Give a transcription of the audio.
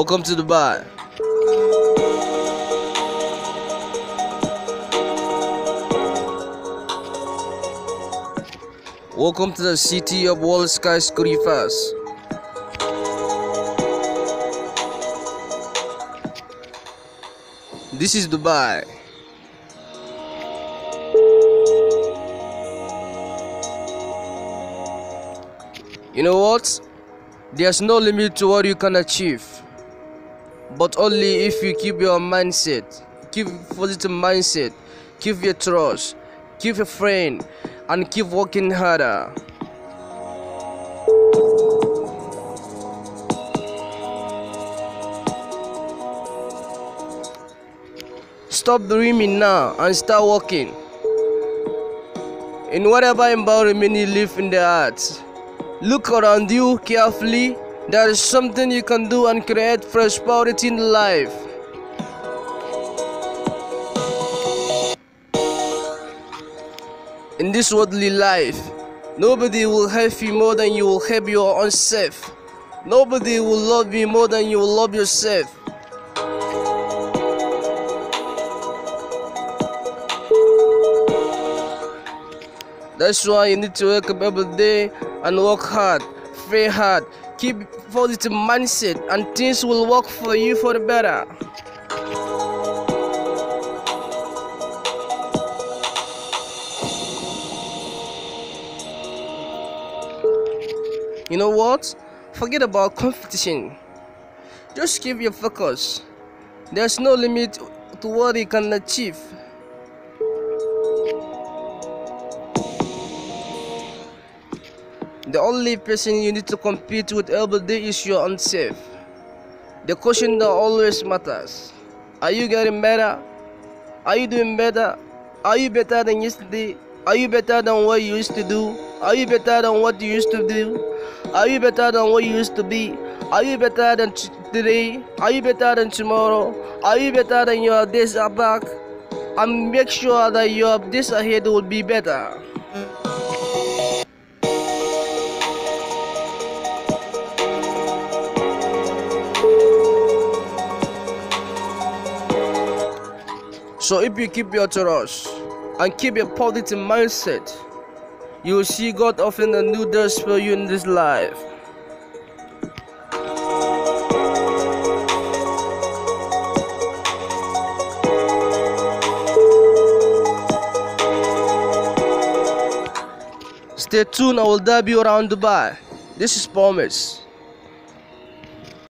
Welcome to Dubai. Welcome to the city of Wall Skyscrapers. This is Dubai. You know what? There's no limit to what you can achieve but only if you keep your mindset keep positive mindset keep your trust keep your friend and keep working harder stop dreaming now and start working in whatever environment you live in the arts look around you carefully there is something you can do and create prosperity in life. In this worldly life, nobody will help you more than you will help your own self. Nobody will love you more than you will love yourself. That's why you need to wake up every day and work hard very hard. Keep positive mindset and things will work for you for the better. You know what? Forget about competition. Just keep your focus. There's no limit to what you can achieve. The only person you need to compete with every day is your own self. The question that always matters. Are you getting better? Are you doing better? Are you better than yesterday? Are you better than what you used to do? Are you better than what you used to do? Are you better than what you used to be? Are you better than today? Are you better than tomorrow? Are you better than your days are back? And make sure that your days ahead will be better. So if you keep your Torahs and keep your positive mindset, you will see God offering a new doors for you in this life. Stay tuned, I will dab you around Dubai. This is Promise.